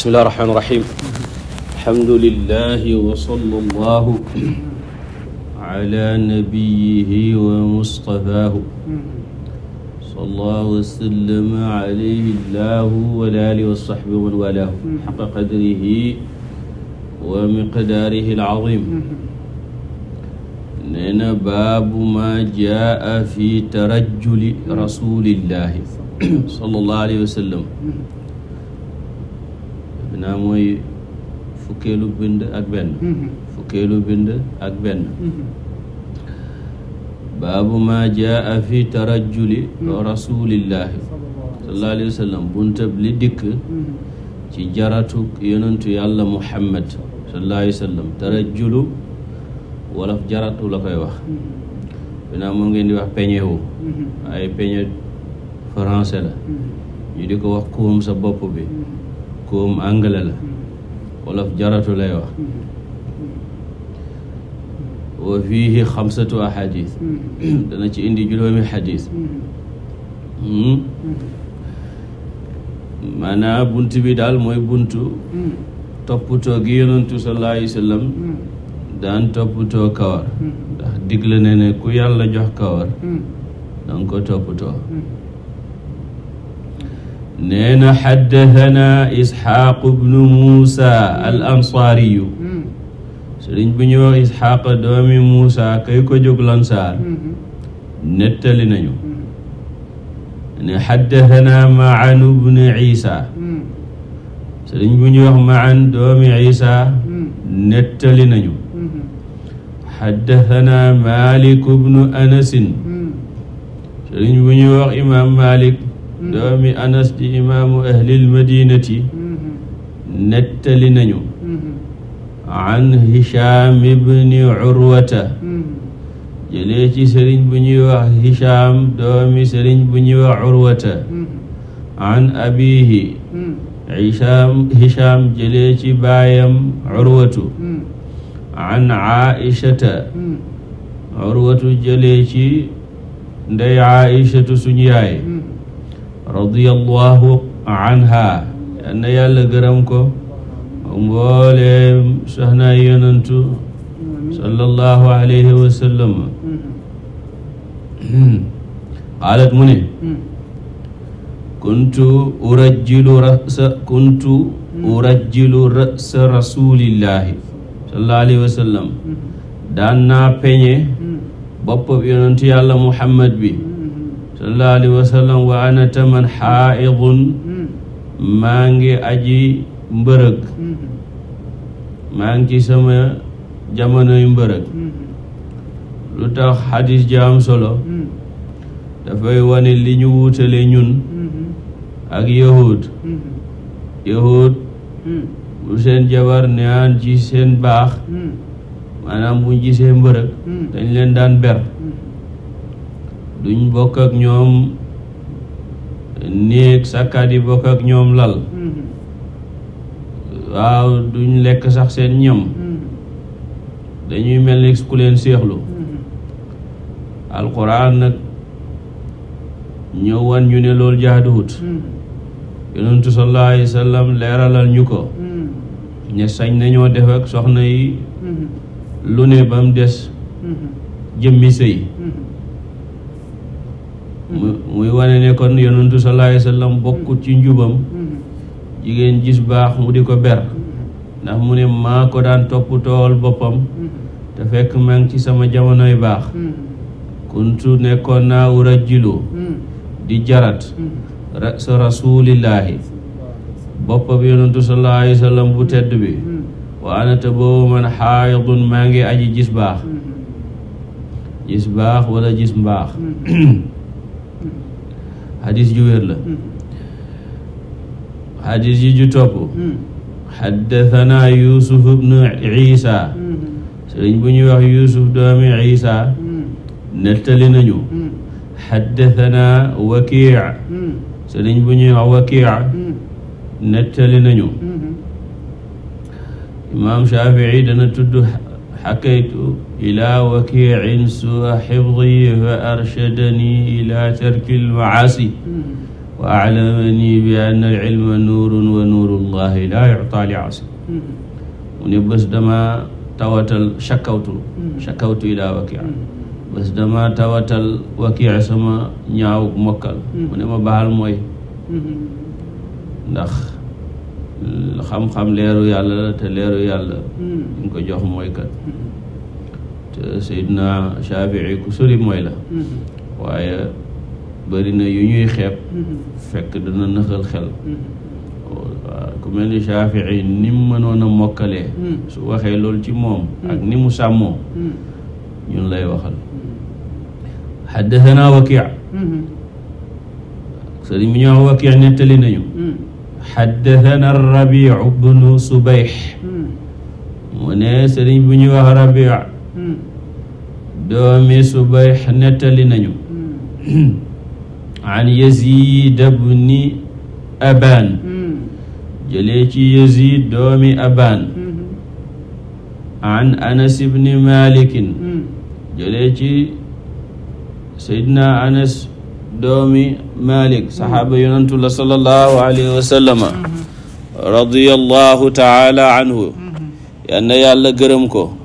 bismillahi rahmaani rahiim alhamdulillahi wa sallallahu ala nabiyihi wa mustafaahu sallallahu wa sallama alayhi llahu wa alihi wa sahbihi wa man walaahu xaqa qadrihi wa miqdaarihi al-aziim nee na baabu maa jaa fi tarajjuli rasulillahi sallallahu alayhi wa sallam naa mooy fukkeelu bind ak benn mm-hmm. fukkeelu bind ak benn mm-hmm. baabu maa jaa fi tarajuli mm-hmm. rasulillahi sallallahu alayhi wa buntab li dikk ci jaratu yonentu yàlla muhammad sallallahu alayhi wa sallam tarajulu wolof jaratu la koy wax binaa moom ngeen di wax peñe wu ay peñe français la ñu di ko wax kuum sa bopp bi koom anglais la olof jaratu lay wax wa fiihi xamsatu ahadis dana ci indi juróomi xadis hmm? maanaa bunt bi daal mooy buntu toppatoo gi yonantu sallallahu alayhi daan toppatoo kawar ndax digle na ne ku yàlla jox kawar danga ko toppatoo nee na xaddathana isxaaq bnu muusa al ansaariyu sëriñ bu ñuy wax isxaaq doomi muusa kay ko jóg lansaar nettali nañu ne xaddathana maan bnu isa sëriñ bu ñuy wax maan doomi isa nettali nañu xaddathana malik wax imaam malik doomi anas di imaamu ahlil madinati nettali nañu an hisham ibni urwata jëlee ci sëriñ bu ñuy wax hisham doomi sëriñ bu ñuy wax urwata an abihi hisham hisham jëlee ci baayam urwatu an aishata urwatu jëlee ci ndey aishatu suñu yaay radiyallahu anha yal na yàlla gërëm ko mbooleem soxna yonantu sallallahu alayhi wa sallam qaalat mu ne kuntu urajjilu rasa kuntu urajjilu rasa rasulillahi sallallahu alayhi wa sallam daan naa peñe bopp yonantu yàlla muhammad bi sallallahu alayhi wa sallam wa taman xaaidun maa ngi aji mbërëg maa ngi ci sama yu mbërëg lu tax xadis ji solo dafay wane li ñu wuutale ñun ak yahud yahud bu seen jabar ne aan ci seen baax maanaam bu gisee mbërëg dañ leen daan ber duñ bokk ak ñoom néeg sàkkaat yi bokk ak ñoom lal mm-hmm. waaw duñ lekk sax seen ñam mm-hmm. dañuy mel ni ku leen séexlu mm-hmm. alquran nag ñëw ñu ne loolu jaaduwut yonentu sallallahu alayhi leeralal ñu ko ñe sañ nañoo def ak soxna yi lu ne ba mu des jëmmi sëy muy wane ne kon yonentu sallallahu alayhi wa sallam bokkut ci njubam jigéen gis baax mu di ko ber ndax mu ne maa ko daan topp tool boppam te fekk maa ngi ci sama jamonoy baax kuntu nekkoon naa urajjilu di jarat sa rasuulillaahi boppa bi yonentu sallallahu wa sallam bu tedd bi wa ana boobu man xaayidun maa ngi aji gis baax gis baax wala gis mbaax xadis mm-hmm. ju wér la xadis mm-hmm. yi ju topp xaddathana mm-hmm. yusuf ibnu isa sëriñ bu ñuy wax yusuf doomi isa nettali nañu xaddathana wakii sëriñ bu ñuy wax wakii nettali nañu imaam shafii dana tudd xakaytu ila wakiicin suua xifdiyi fa arshadani ila tarki almacaasi wa aclamani bi anna alcilma nuurun wa nuuru llahi laa yuctaa li aasi mu ne bés dama tawatal shakawtu shakawtu ila wakiic bés dama tawatal wakiic sama ñaaw mokkal mu ne ma baal mooy ndax xam-xam leeru yàlla la te leeru yàlla hmm. ñu ko jox mooy kat hmm. te Seydina Shafii ku sori mooy la hmm. waaye bari na yu ñuy xeeb fekk dana nëxal xel waaw ku mel ni Shafii ni mu mënoon a su waxee lool ci moom ak ni mu sàmmoo ñun lay waxal xaddathana Waki' sëriñ bi ñoo Waki' nettali nañu xaddatana rabiu bnu subayx mu ne sëriñ bu ñuy wax rabiu doomi subayx nettali nañu an yazid bni abaan jëlee ci yazid doomi abaan an anas bni malikin jëlee ci seydna anas doomi Malik saxaaba yonantu la sallallahu alayhi wa sallama radiyallahu taala anhu yal na yàlla gërëm ko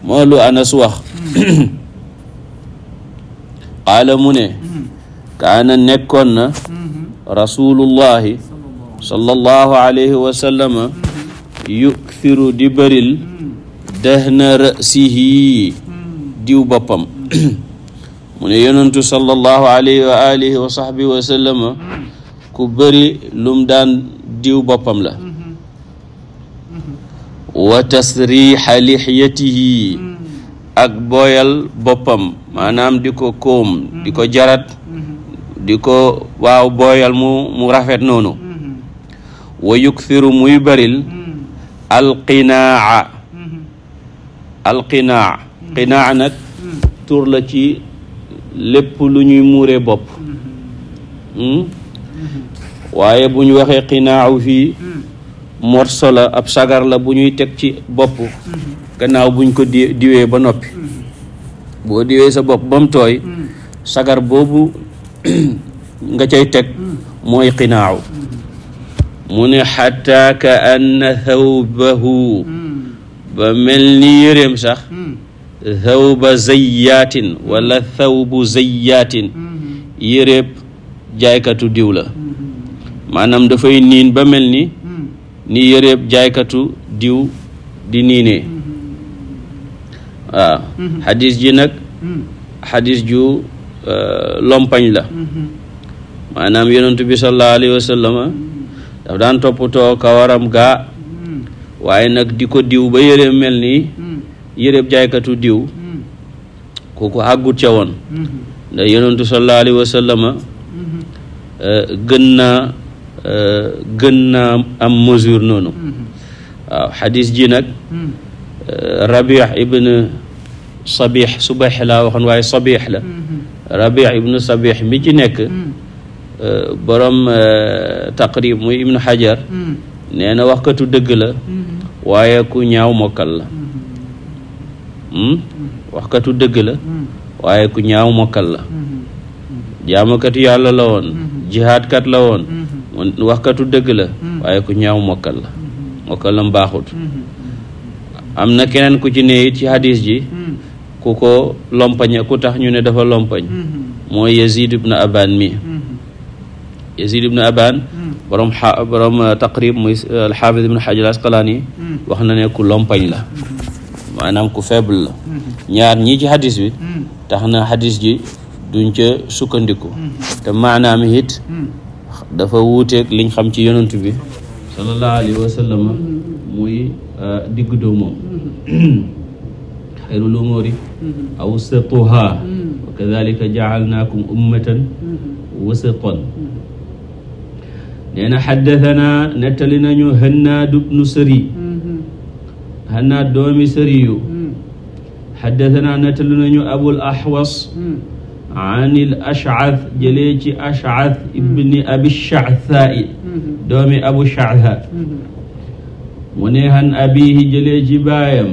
moo lu Anas wax qaala mu ne kaana nekkoon na rasulullahi sallallahu alayhi wa sallama yukthiru di bëril dahna rasihi diw boppam mu ne yonentu sallallahu alayhi wa alihi wa sahbihi wa sallama ku bëri lum daan diw boppam la wa tasriixa lixyatihi ak booyal boppam maanaam di ko koom di ko jarat di ko waaw booyal mu mu rafet noonu wa yukthiru muy bëril alqinaa alqinaa qinaa nag tur la ci lépp lu ñuy muure bopp hmm? waaye bu ñu waxee xinaaw fii morso la ab sagar la bu ñuy teg ci bopp gannaaw buñ ko di diwee ba noppi boo diwee sa bopp bam tooy sagar boobu nga cay teg mooy xinaaw mu ne xataa ka anna thawbahu ba mel ni yëreem sax thawba zayyaatin wala bu zayyaatin mm-hmm. yéreeb jaaykatu diw la mm-hmm. maanaam dafay niin ba mel ni mm-hmm. ni yéreeb jaaykatu diw di niine waaw xadis ji nag xadis ju euh, lompañ la maanaam yonentu bi sallallahu alayhi wa daf daan toppatoo kawaram gaa waaye nag di ko diw ba yére mel nii yëréb jaaykatu diw kooku àggut ca woon mm-hmm. ndax yonentu sallallahu alayhi wa sallama mm-hmm. eh, gën naa eh, gën naa am mesure noonu mm-hmm. waaw xadis ji nag eh, rabix ibn sabix subax laa waxoon waaye sabix la rabix ibn sabix mi ci nekk borom taqrib muy ibnu xajar nee na waxkatu dëgg la waaye ku ñaaw mokkal la Hmm? waxkatu dëgg la waaye ku ñaaw mokkal la jaamakatu yàlla la woon jihaadkat la woon waxkatu dëgg la waaye ku ñaaw mokkal la mokkal la mbaaxut am na keneen ku ci ne ci hadis ji ku ko lompañ ku tax ñu ne dafa lompañ mooy yazid ibn aban mi yazid ibn aban borom borom taqrib muy alxaafis ibn xajar asqalaani wax na ne ku lompañ la maanaam ku faible la ñaar ñii ci xadis bi tax na xadis ji duñ ca sukkandiku te maanaam it dafa wuuteeg liñ xam ci yonent bi sallallahu alayhi wa muy euh, digg doomoom xayrul umuri awsatuha wa kadalika jaalnaakum ummatan wasatan nee na nettali nañu hannaad bnu sari xanaa doomi sëriyu xaddatanaa nettalu nañu abul ahwas an il ashcath jëlee ci ashcath ibni abi shacthaa'i doomi abu shactha mu ne han abihi jëlee ci baayam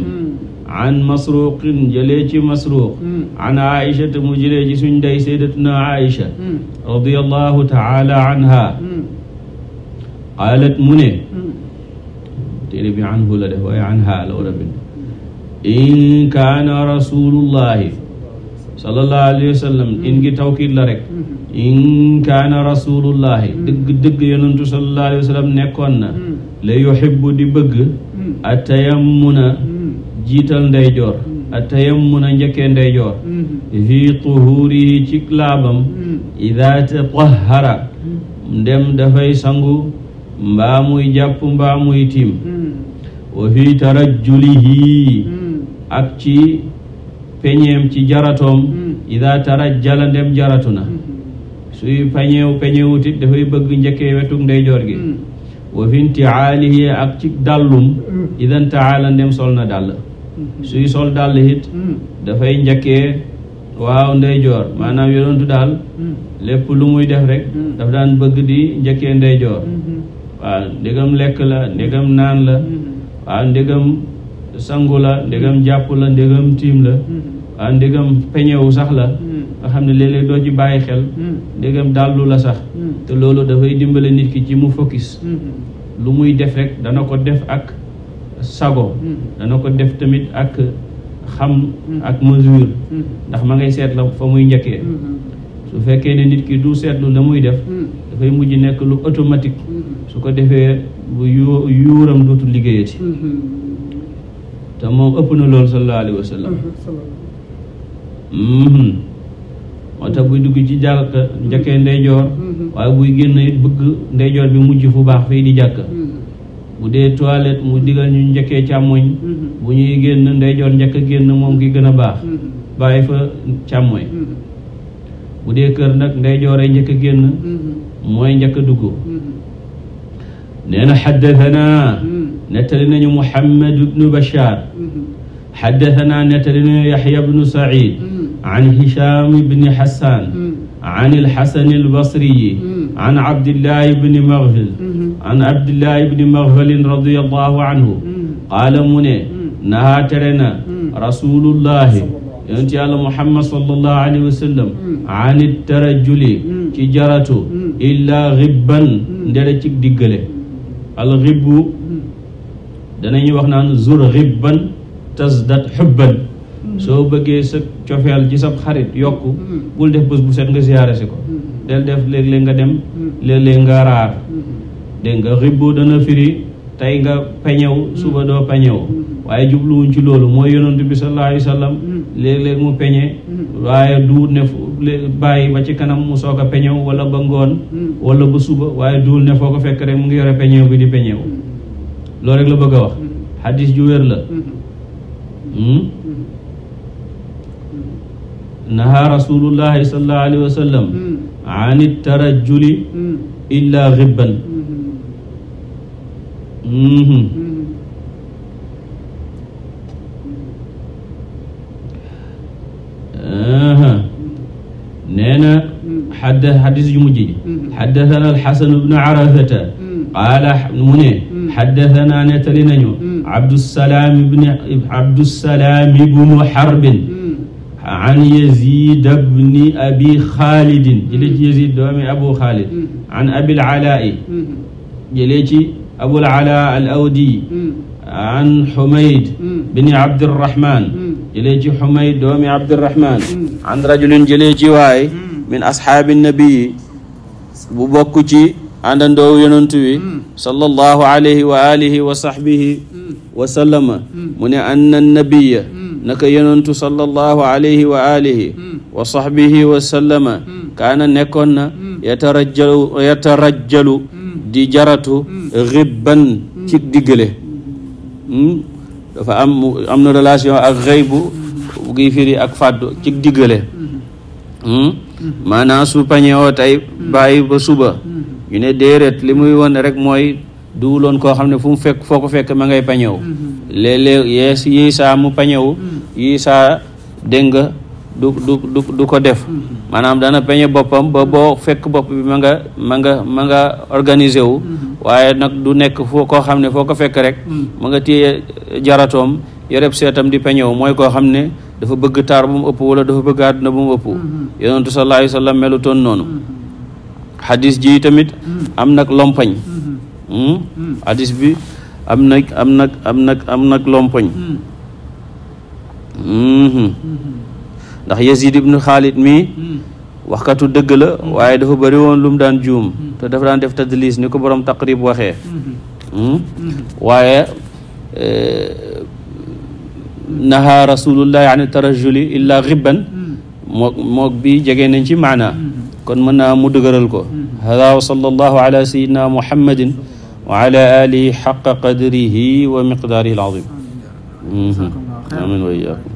an masruqin jëlee ci masruq an aishata mu jëlee ci suñ ndey saydatuna aisha radiallahu taala anha qaalat mu ne téere bi anhu la la war a in kaana rasulullahi in gi tawkiid la rek in kaana rasulullahi dëgg dëgg yonentu sallallahu alayhi wa sallam nekkoon na la yuhibbu di bëgg atayammuna jiital ndeyjoor atayammuna njëkkee ndeyjoor fi tuhurihi ci laabam ida tatahara ndem dafay sangu mbaa muy jàpp tiim wa fi yii ak ci peñeem ci jaratoom hmm. ida tarajjala ndem jaratu na hmm. suy peñeew peñeewutit dafay bëgg njëkkee wetug ndeyjoor gi hmm. wa fi intiaalihi ak ci dàllum idan taala ndem sol na dàll suy sol dàll it dafay njëkkee waaw ndeyjoor maanaam yonentu daal lépp lu muy def rek daf daan bëgg di njëkkee ndeyjoor waaw ndegam lekk la ndegam naan la waaw ndegam sangu la ndegam jàpp la ndegam tiim la waaw ndegam peñewu sax la nga xam ne léeg-léeg doo ci bàyyi xel ndegam dàllu la sax te loolu dafay dimbale nit ki ci mu focus lu muy def rek dana ko def ak sago dana ko def tamit ak xam ak mesure ndax ma ngay seet la fa muy njëkkee su fekkee ne nit ki du seetlu la muy def dafay mujj nekk lu automatique su ko defee bu yuuram dootul liggéeyati mm-hmm. te moom ëpp na loolu sallallahu alayhi wa sallam mm-hmm, mm-hmm. moo tax buy dugg ci jàkk njëkkee ndeyjoor waaye buy génn bëgg ndeyjoor bi mujj fu baax fii di jàkk bu dee toilette mu digal ñu njëkkee càmmoñ bu ñuy génn ndeyjoor njëkk a génn moom ki gën a baax bàyyi fa càmmoñ bu dee kër nag ndeyjoor ay njëkk a génn mooy njëkk a dugg nee na xaddatanaa nettali nañu muhammad ibnu bashar xaddatanaa nettali nañu yaxya bnu said an hisham ibni hasan an ilxasani albasriyi an abdillahi bni maghfil an abdillahi bni maghfilin radiallahu anhu qaala mu ne nahaa tere na rasulullahi yonent yàlla muhammad sallallahu alayhi wa sallam an tarajuli ci jaratu illaa ribban ndere cig diggale dana danañuy wax naan zur xibban tasdat xubban soo bëggee sa cofeel ci sab xarit yokk bul def bés bu set nga siyaare ko del def léeg-léeg nga dem léeg-léeg nga raar dégg nga xibbu dana firi tey nga peñew suba doo peñew waaye jubluwuñ ci loolu mooy yonent bi sallallahu alayhi wa sallam mu peñe mm-hmm. waaye duul ne bàyyi ba ci kanam mu soog a peñew wala ba ngoon mm-hmm. wala ba suba waaye duul ne foo ko fekk rek mu ngi yore peñew bi di peñew mm-hmm. loolu rek la bëgg a wax xadis ju wér la hmm? naha rasulullahi sallallahu alayhi wa tarajuli illa xibban hmm. xadda xadis ju mujj ji xaddatana alxasanu bnu arafata qaala mu ne xaddatana nettali nañu abdusalaam bni abdusalaam bnu xarbin an yazid bni abi xaalidin jëlee ci yazid doomi abu xaalid an abil alaa'i jëlee ci abul alaa al awdi an xumayd bni abdirahman jëlee ci xumayd doomi abdirahman an rajulin jëlee ci waay min ashaabi nabii bu bokk ci àndandoo yonent wi mm. sallallahu alayhi wa alihi wa sahbihi mm. wa sallama mm. mu ne anna nabiya naka wa alihi wa sahbihi wa sallama kaana nekkoon na yatarajjalu yatarajjalu di jaratu ribban ci diggale dafa am am na ak xëy bu gi ak fàddu ci diggale maanaam su pañewoo tey bàyyi ba suba mm-hmm. ñu ne déedéet li muy won rek mooy duwuloon koo xam ne fu mu fekk foo ko fekk ma ngay pañewu mm-hmm. léeg-léeg yees yii saa mu pañewu mm-hmm. yii saa dégg nga du du du du ko def maanaam dana peñe boppam ba boo fekk bopp bi ma nga ma nga ma organiser wu waaye nag du nekk foo koo xam ne foo ko fekk rek ma nga téye jaratoom yoreb seetam di peñewu mooy koo xam ne dafa bëgg taar bu mu ëpp wala dafa bëgg àdduna bu mu ëpp mm-hmm. yonentu sallallahu alayhi wa sallam melu toon noonu xadis mm-hmm. ji tamit mm-hmm. am nag lompañ xadis hmm? bi am nag am nag am nag am nag lompañ ndax Yazid ibnu Xaalid mii waxkatu dëgg la waaye dafa bari woon lu mu daan juum te dafa daan def tadlis ni ko borom taqrib waxee hmm? waaye eh, naha rasulullahi an tarajuli illa xibban hmm. mook mook bi jege nañ ci maana hmm. kon mën naa mu dëgëral ko hmm. hada wa sallallahu ala sayidina muhammadin wa ala alihi xaqa qadrihi wa miqdaarihi al azim amin wa iyaakum